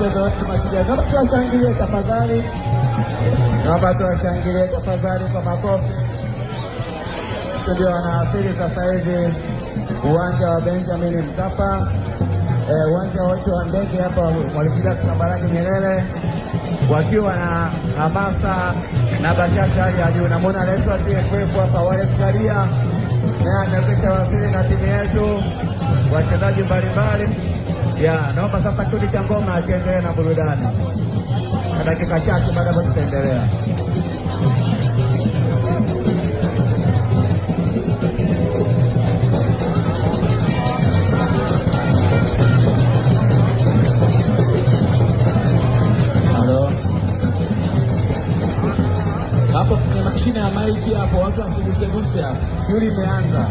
mchezo tumachia. Naomba tuwashangilie tafadhali, naomba tuwashangilie tafadhali kwa makofi. Ndio wanaasili sasa hivi uwanja wa Benjamin Mkapa, e, uwanja wote wa ndege hapa Mwalimu Julius Kambarage Nyerere, wakiwa na hamasa na bashasha hali ya juu. Namwona rais wa TFF hapa wale Karia na amekwisha wasili na timu yetu wachezaji mbalimbali. Ya, naomba sasa kundi cha ngoma akiendelee na burudani na dakika chache baada ya tutaendelea. na maiki hapo, watu wasiguseguse hapo, yuli imeanza.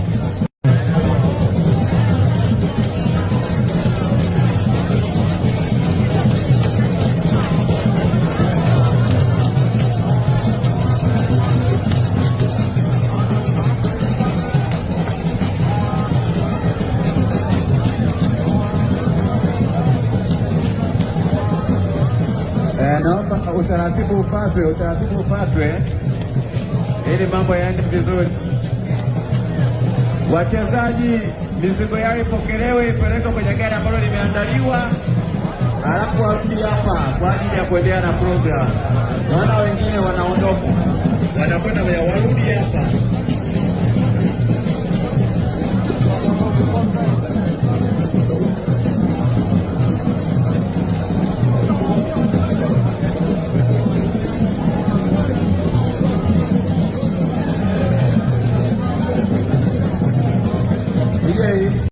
Eh, naomba utaratibu ufatwe, utaratibu ufatwe ili mambo yaende vizuri. Wachezaji mizigo yao ipokelewe, ipelekwe kwenye gari ambalo limeandaliwa, halafu warudi hapa kwa ajili ya kuendelea na programu. Naona wengine wanaona